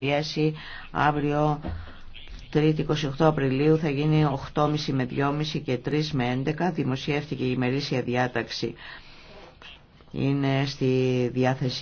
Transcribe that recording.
συνεδρίαση αύριο 3η 28 Απριλίου θα γίνει 8.30 με 2.30 και 3 με 11. Δημοσιεύτηκε η ημερήσια διάταξη. Είναι στη διάθεση.